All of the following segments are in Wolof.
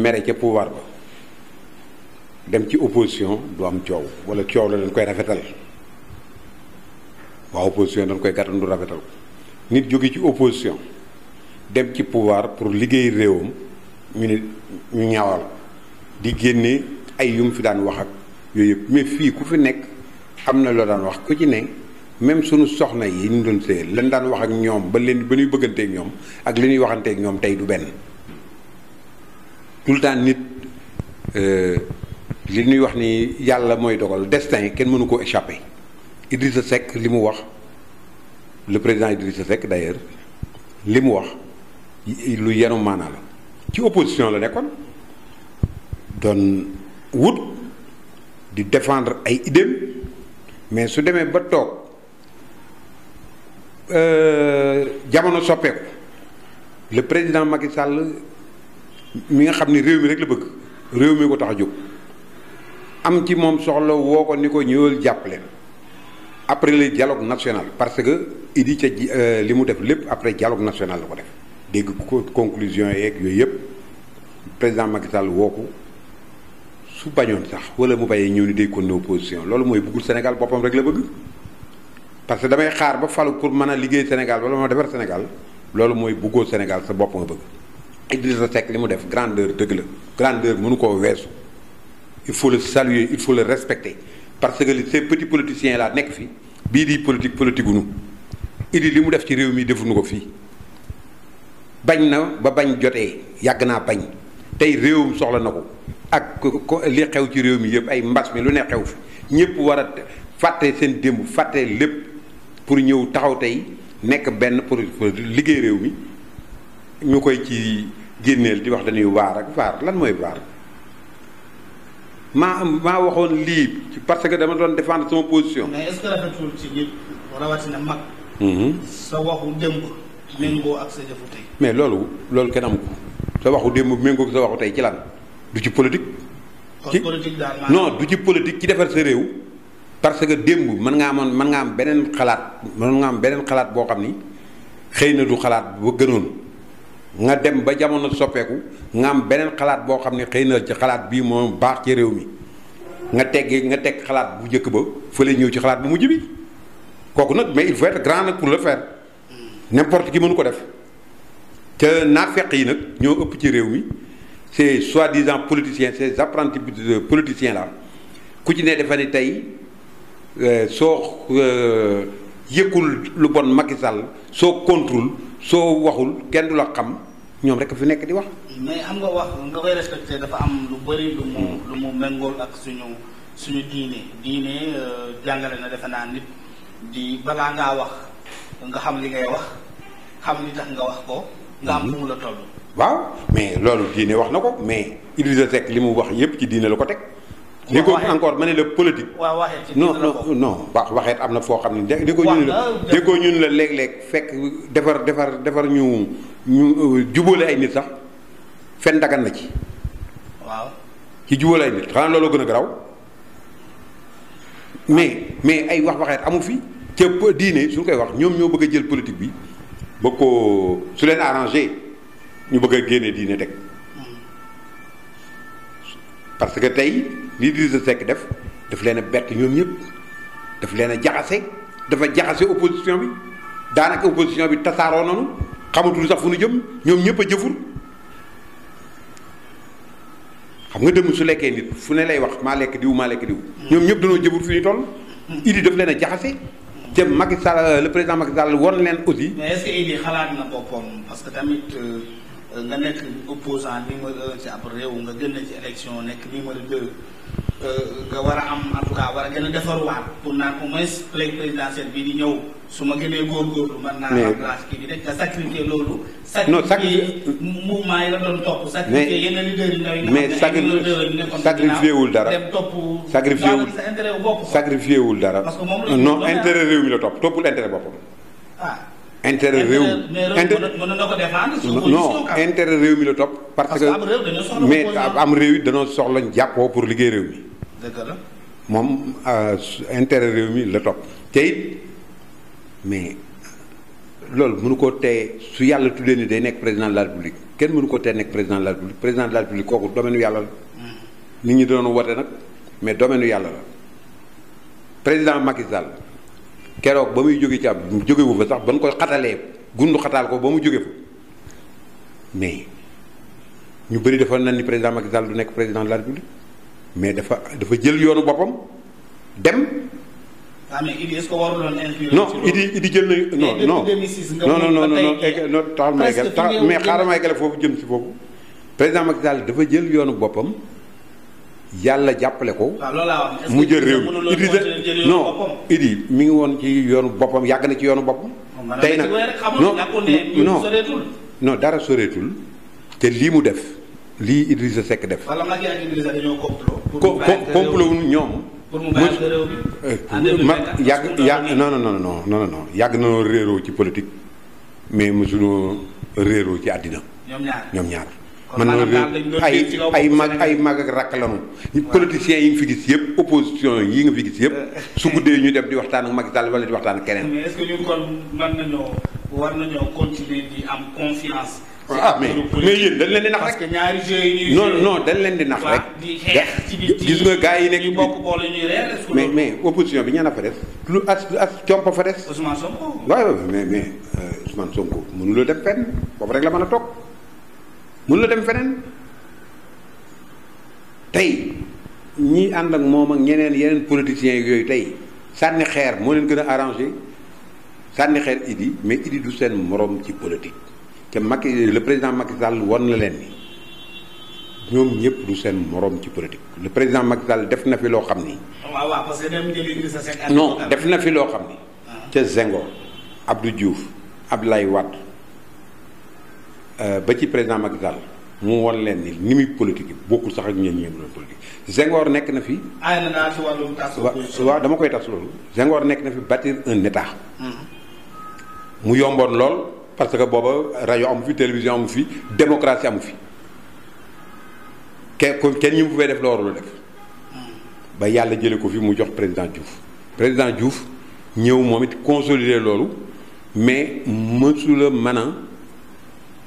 mere ca pouvoir ba dem ci opposition du am coow wala coow la dañ koy rafetal waa opposition dañ koy gàttandu rafetal nit jóge ci opposition dem ci pouvoir pour liggéey réewam ñu ne ñu ñaawal di génne ay yum fi daan wax ak yooyu yëpp mais fii ku fi nekk am na loo daan wax ku ci ne même sunu soxna yi ñu doon séyal lan daan wax ak ñoom ba leen ba ñuy bëgganteeg ñoom ak li ñuy waxanteek ñoom tey du benn tout le temps nit euh, li ñuy wax ni yàlla mooy dogal destin kenn mënu koo ko échapper Idrissa Seck li mu wax le président Idrissa Seck d'ailleurs li mu wax lu yenu maanaa la ci opposition la nekkoon doon wut di défendre ay idéem mais su demee ba toog euh, jamono soppeeku le président Macky Sall mi nga xam ni réew mi rek la bëgg réew mi ko tax a jóg am ci moom soxla woo ko ni ko ñëwal jàppale après le dialogue national parce que idi ca euh, li mu def lépp après dialogue national la ko def dégg ko conclusion yeeg yooyu yëpp président Macky Sall woo ko su bañoon sax wala mu bàyyee ñëw ni day kon opposition loolu mooy bëggul Sénégal boppam rek la bëgg parce que damay xaar ba falu pour mën a liggéey Sénégal wala ma defar Sénégal loolu mooy bëggoo Sénégal sa bopp nga Idrissa Seck li mu def grandeur dëgg la grandeur mënu koo weesu il faut le saluer il faut le respecter parce que ces petits politiciens là nekk fii bii di politique politique gu nu Idi li mu def ci réew mi defuñu ko fii bañ na ba bañ jotee yàgg naa bañ tey réewum soxla na ko ak ko li xew ci réew mi yëpp ay mbas mi lu ne xew fi ñëpp war a fàtte seen démb fàtte lépp pour ñëw taxaw tey nekk benn pour liggéey réew mi ñu koy ci. génneel di wax dañuy waar ak waar lan mooy waar maa am maa waxoon lii parce que dama doon défendre sama position. mais est-ce que rafetul mhm. mais loolu loolu kenn am ko sa waxu démb méngoo ak sa waxu tey ci lan du ci politique. ci politique daal du ci politique ci defar sa réew. parce que démb mën nga amoon mën nga am beneen xalaat mën nga am beneen xalaat boo xam ni xëy na du xalaat ba gënoon. nga dem ba jamono soppeeku nga am beneen xalaat boo xam ne xëy na ci xalaat bii moom baax ci réew mi nga teggee nga teg xalaat bu njëkk ba fële ñëw ci xalaat bu mujj bi kooku nag mais il faut être grand nag pour le faire n'importe qui mënu ko def te naafeq yi nag ñoo ëpp ci réew mi ces soi-disant politiciens ces apprentis euh, politiciens là ku ci ne dafa ne tey euh, soo euh, yëkkul lu bon Macky Sall soo contrôle soo waxul kenn du la xam ñoom rek fi nekk di wax. mais xam nga wax nga koy respecté dafa am lu bëri lu mu lu mu méngool ak suñu suñu diine diine euh, jàngale na defe naa nit di balaa ngaa wax nga xam li ngay wax xam li tax nga wax ko. nga am lu mu la toll. waaw mais loolu diine wax na ko mais Idrissa Seck li mu wax yépp ci diine la ko teg. déggoo encore ma ne la politique. waaw waxeet non non non waxeet am na foo xam ne déggoo ñun la déggoo ñun la léeg-léeg fekk defar defar defar ñu ñu euh, jubale ay nit sax fen dagan na ci. waaw ci jubóole ay nit xanaa loolu gën a garaw mais mais ay wax waxeet amu fi ca diine suñ koy wax ñoom ñoo bëgg a jël politique bi ba ko su leen arrangé ñu bëgg a génne diine teg. parce que tey li Idrissa Seck def daf leen a bett ñoom ñëpp daf leen a jaxase dafa jaxase opposition bi daanaka opposition bi tasaaroo noonu xamatul sax fu nu jëm ñoom ñëpp a jëfur xam nga dëmm su lekkee nit fu ne lay wax maa lekk diw maa lekk diw ñoom ñëpp dañoo jëfur fi ñu toll Idi daf leen a jaxase te Macky Sall le président Macky Sall won leen aussi. mais est-ce que xalaat na boppam Euh, nga nekk opposant numéro un ci ab réew nga génn ci élection nekk numéro deux euh, nga war a am en tout cas war a gën a defarwaat pour naan au moins léegi présidentielle bi di ñëw su ma gënee góorgóorlu mën naa remplace kii bi rek nga sacrifier loolu sacrifier mouvement yi la doon topp sacrifier yenn leaders yi ndaw yi mais sacrifier wul dara dem topp sacrifier wul sa intérêt dara parce que moom non intérêt réew mi la topp toppul intérêt boppam ah. intérêt réew mi non intérêt réew mi la topp parce que mais am réew it danoo soxla jàppoo pour liggéey réew mi moom euh, intérêt réew mi la topp te it mais loolu munu koo tey su yàlla tuddee ni day nekk président de la république kenn mënu ko tey nekk président de la république président de la république kooku domaine yàlla la hmm. nit ñi doon wote nag mais domaine u yàlla la président Macky Sall keroog ba muy jóge ci ab jógewu fa sax ba koy xatalee gundu xataal ko ba mu jóge fa mais ñu bëri dafa nan ni président Macky Sall du nekk président de la République mais dafa dafa jël yoonu boppam dem. ah mais Idi est-ce que waruloon non Idi Idi jël na non non non non non non taxal ma mais xaaral ma eggale foofu jëm ci foofu président Macky Sall dafa jël yoonu boppam. yàlla jàppale ko. mu jël réew mi Idrissa non Idi ngi woon ci yoonu boppam yàgg na ci yoonu boppam. tey nag non non non dara soreetul te lii mu def lii Idrissa Seck def. ko complot euh, yàgg yàgg non non non non non yàgg nañoo réeroo ci politique mais mosuñoo réeroo ci àddina. ñoom ñaar. man ma ay ay mag ay mag ak rakk lanu politiciens yi nga fi gis yëpp opposition yi nga fi gis yëpp euh, su guddee ñu dem di waxtaan ak Macky Sall wala di waxtaan ak keneen. mais est-ce que ñun kon mën nañoo war nañoo am confiance. ah mais mais yéen dañ leen di nax rek ñaari jeux non non dañ leen di nax rek. di xeex gis nga gars yi nekk ñu boole ñuy mais mais opposition bi a fa des. lu as as compa fa des. Ousmane Sonko. waaw mais mais euh, Ousmane Sonko mënuloo dem fenn foofu rek la mën a toog. mun la dem feneen tey ñii ànd ak moom ak ñeneen yeneen politiciens yooyu tey sànni xeer moo leen gën a arrangé sànni xeer Idi mais Idi du seen morom ci politique te Macky le président Macky Sall won na leen ni ñoom ñëpp du seen morom ci politique le président Macky Sall def na fi loo xam ni. Oh, waaw waaw parce que dem non def na fi loo xam ni. Ah. ca Senghor Abdou ab Abdoulaye Wade. Euh, ba ci président Macky Sall mu woon leen ni ni muy politique bokkul sax ak ñoom ñoom doon politique Senghor nekk na fi. aay na waaw dama koy tas loolu. Senghor nekk na fi bâtir un état. Mm-hmm. mu yomboon lool parce que booba rajo amu fi télévision amu fi démocratie amu fi kenn kenn ñi mu def la warul def. Mm-hmm. ba yàlla jëlee ko fi mu jox président Diouf président Diouf ñëw moom it consolider loolu mais mësula mën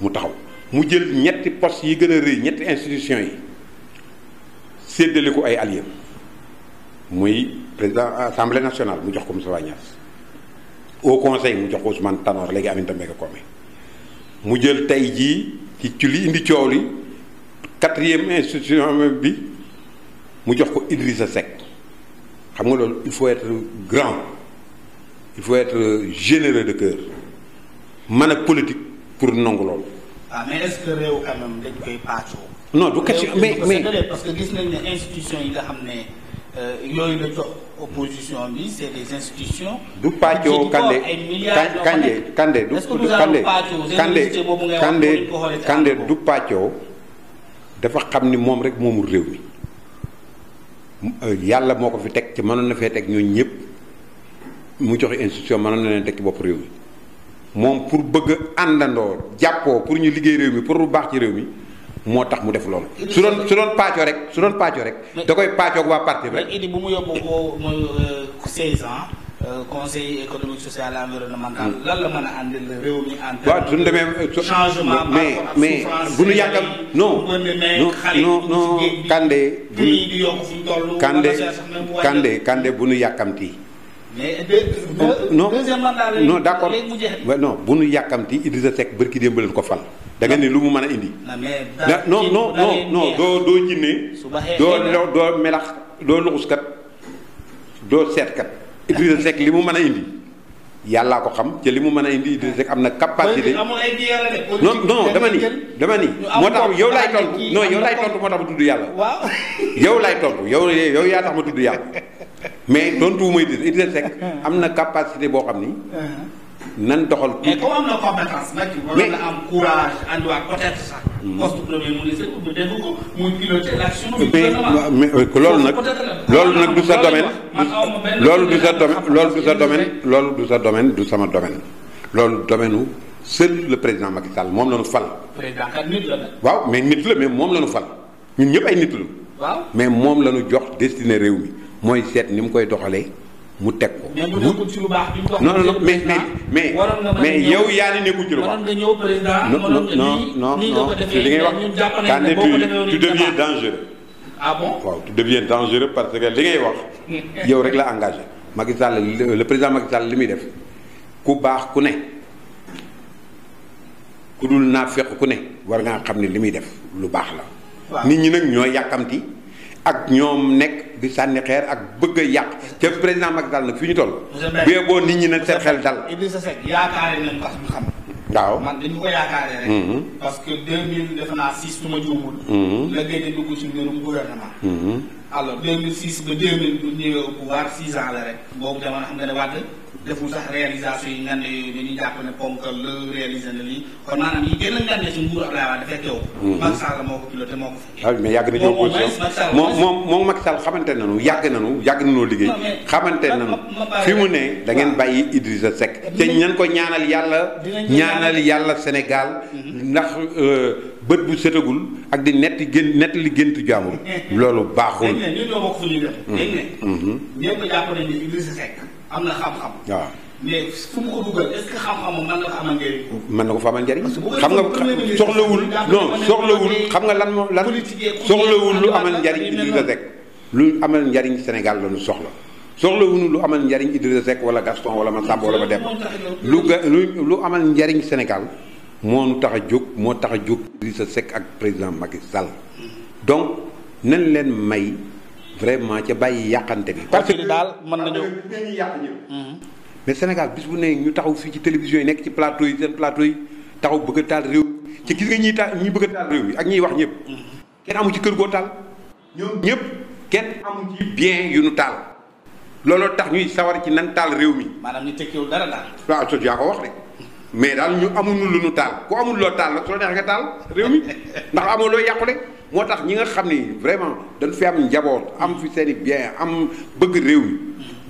mu taxaw mu jël ñetti poste yi gën a rëy ñetti institution yi séddale ko ay alliés muy président assemblée nationale mu jox ko Moustapha Niasse au conseil mu jox ko Ousmane Tanor léegi Aminata Mbengue Komé mu jël tey jii ci ci li indi coow li quatrième institution bi mu jox ko Idrissa Seck xam nga loolu il faut être grand il faut être généreux de cœur man a politique. pour nangu loolu. waaw ah, mais est du question mais mais parce que gis nañ ne institution yi nga xam ne euh, yooyu la jox opposition bi c'est des institutions. du paacoo Kande Kande Kande du Kande Kande du paacoo dafa xam ni moom rek moomul réew mi. Euh, yàlla moo ko fi teg ci mënoon na fee teg ñooñu ñëpp mu joxe institution mënoon na leen teg ci bopp réew mi moom pour bëgg àndandoo jàppoo pour ñu liggéey réew mi pour lu baax ci réew mi moo tax mu def loolu. su doon su doon pàccoo rek su da koy pàccoo ak waa parti rek. bu mu yóbbu ko mooy 16 euh, ans. Euh, conseil économique social et environnemental. Mm. lan la mën a andil réew mi en terme. waaw suñu demee euh, changement mais mais bu ñu yàggam non non non Kande. bu ñu kande kande bu ñu yàkkamti. mais non non d'accord non bu nu yàkkamti Idrissa Seck bërki démb leen ko fal. danga nga ni lu mu mën a indi. non non non non doo doo jinne doo doo melax doo luxuskat doo seetkat. Idrissa Seck li mu mën a indi yàllaa ko xam te li mu mën a indi Idrissa Seck am na capacité. non non dama ni dama ni moo tax yow laay tontu non yow laay tontu moo tax ma tudd yàlla. yow laay tontu yow yow yaa tax ma tudd yàlla. mais doon tuuma Idrissa am na capacité boo xam ni. nan doxal. mais mais hmm. ko euh, loolu nag loolu nag du sa domaine. loolu du sa domaine loolu du sa domaine loolu du sa domaine du sama domaine. loolu domaine nu seul le président Macky moom la fal. waaw mais nit la mais moom la fal ñun ñëpp ay nit la. mais moom la ñu jox destiné réew mi. mooy seet ni mu koy doxalee mu teg ko. mais bu nekkul lu baax bi mu mais mais mais yow yaa ni nekkul ci lu baax. waroon nga ñëw président waroon nga nii nii nga ko defee li ngay wax quand tu deviens dangereux. ah waaw tu deviens dangereux parce que li ngay wax. yow rek la engagé. Macky Sall le président Macky Sall li muy def ku baax ku ne ku dul naafeq ku ne war ngaa xam ne li muy def lu baax la. nit ñi nag ñoo yàkkamti. ak ñoom nekk di sànni xeer ak bëgg yàq te président Macky Sall nag fi ñu toll. bu boo nit ñi nag seen xel dal. Idrissa Seck yaakaare waaw man dañu ko yaakaaree rek. Mm-hmm. parce que 2000 defe naa 6 su ma juumul. Mm-hmm. la gëj a dugg ci mbirum gouvernement. Mm-hmm. alors 2006 ba 2000 bu ñëwee au pouvoir 6 na lii a ngande ci mm-hmm. moo ko piloté moo ko fekkee. waaw ah mais moom moom xamante nañu yàgg nañu yàgg nañoo liggéey. xamante nañu fi mu ne da ngeen bàyyi Idrissa Seck. te ñan ko ñaanal yàlla. ñaanal yàlla Sénégal. Mm-hmm. ndax. Euh, bët bu setagul ak di gén nett li géntu jaamur loolu baaxul ñun mm-hmm. Mm-hmm. am na xam-xam waaw ko dugal est xam fa amal njëriñ. xam nga soxlawul non soxlawul xam nga lan moom lan soxlawul lu amal njariñ njëriñ Idrissa Seck lu amal njariñ Sénégal la ñu soxla soxlawuñu lu amal njëriñ Idrissa Seck wala Gaston wala Massamba wala ma dem lu ga lu amal njëriñ Sénégal moo nu tax a jóg moo tax a jóg sa Seck ak président Macky Sall donc nañ leen may vraiment ca bàyyi yàqante bi. parce que daal mën nañoo mhm. mais Sénégal bis bu ne ñu taxaw fii ci télévision yi nekk ci plateau yi seen plateau yi taxaw bëgg taal réew ci gis nga ñiy taal ñi bëgg a taal réew mi ak ñiy wax ñëpp. Mhm. kenn amu ci kër goo taal. ñoom ñëpp kenn amu ci bien yu nu taal. looloo tax ñuy sawar ci nan taal réew mi. maanaam ñu tekkiwul dara daal. waaw soo yaa ko wax de. mais daal ñu amuñu lu ñu taal ku amul loo taal nag su neexee nga taal réew mi ndax amoo loo yàqule moo tax ñi nga xam ni vraiment dañ fi am njaboot am fi seen i bien am bëgg réew mi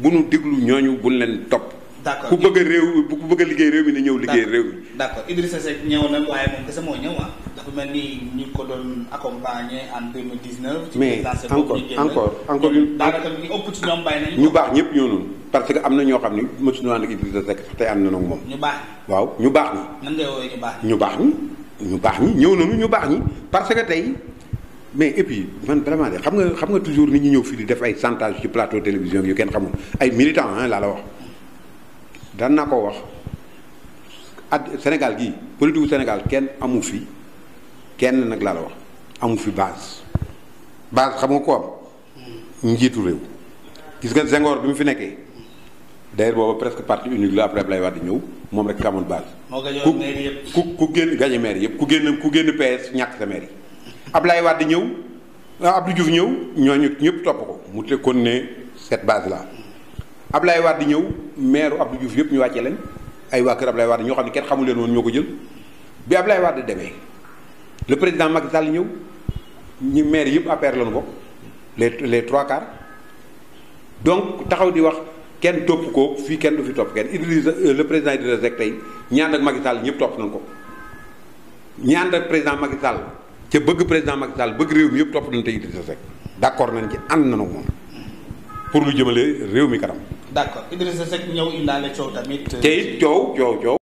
bu nu déglu ñooñu buñ leen topp. d'accord ku bëgg a réew ku bëgg a liggéey réew mi na ñëw liggéey réew mi. d'accord Idrissa Seck ñëw na waaye moom kese moo ñëw ah. mel ni ñu ko doon accompagner en 2019. ci mais encore encore encore ñu daanaka ñu ëpp ñu baax ñëpp ñoo noonu. parce que am na ñoo xam ni mësuñu ànd ak Idrissa Seck sax tey am na nag moom. ñu baax waaw ñu baax ñi. nan ngay woowee ñu baax ñi. ñu baax ñi ñu baax ñi ñëw nañu ñu baax ñi parce que tey mais et puis man vraiment de xam nga xam nga toujours nit ñu ñëw fii di def ay chantage ci plateau télévision yu kenn xamul ay militant ah laa la wax. daan naa ko wax at Sénégal gi politique gu Sénégal kenn amu fi kenn nag laa la wax amu fi base base xam nga ko am. Hmm. njiitu réew. gis nga Senghor bi mu fi nekkee. d'ailleurs booba presque parti unique la après Ablaye Wade ñëw moom rek amoon base. moo gañoon maire yëpp ku ku génn gañe maire yëpp ku génn ku génn PS ñàkk sa maire yi. Ablaye Wade ñëw ah, Abdou Diouf ñëw ñooñu ñëpp topp ko mu te kon ne cette base là Ablaye Wade ñëw maire Abdou Diouf yëpp ñu wàcce leen ay waa kër Ablaye Wade ñoo xam ne kenn xamuleen leen woon ñoo ko jël bi Ablaye Wade demee le président Macky Sall ñëw ñu maire yëpp APR lañu bokk les les trois quarts donc taxaw di wax. kenn topp ko fii kenn du fi topp kenn Idrissa euh, le président Idrissa Seck tey ñaan ak Macky Sall topp nañ ko ñaan ak président Macky Sall ca bëgg président Macky Sall bëgg réew mi yëpp topp nañ te Idrissa Seck d'accord nañ ci am nañu moom pour lu jëmale réew mi kanam. d'accord Idrissa Seck ñëw indaale coow tamit. Euh, te it coow coow coow.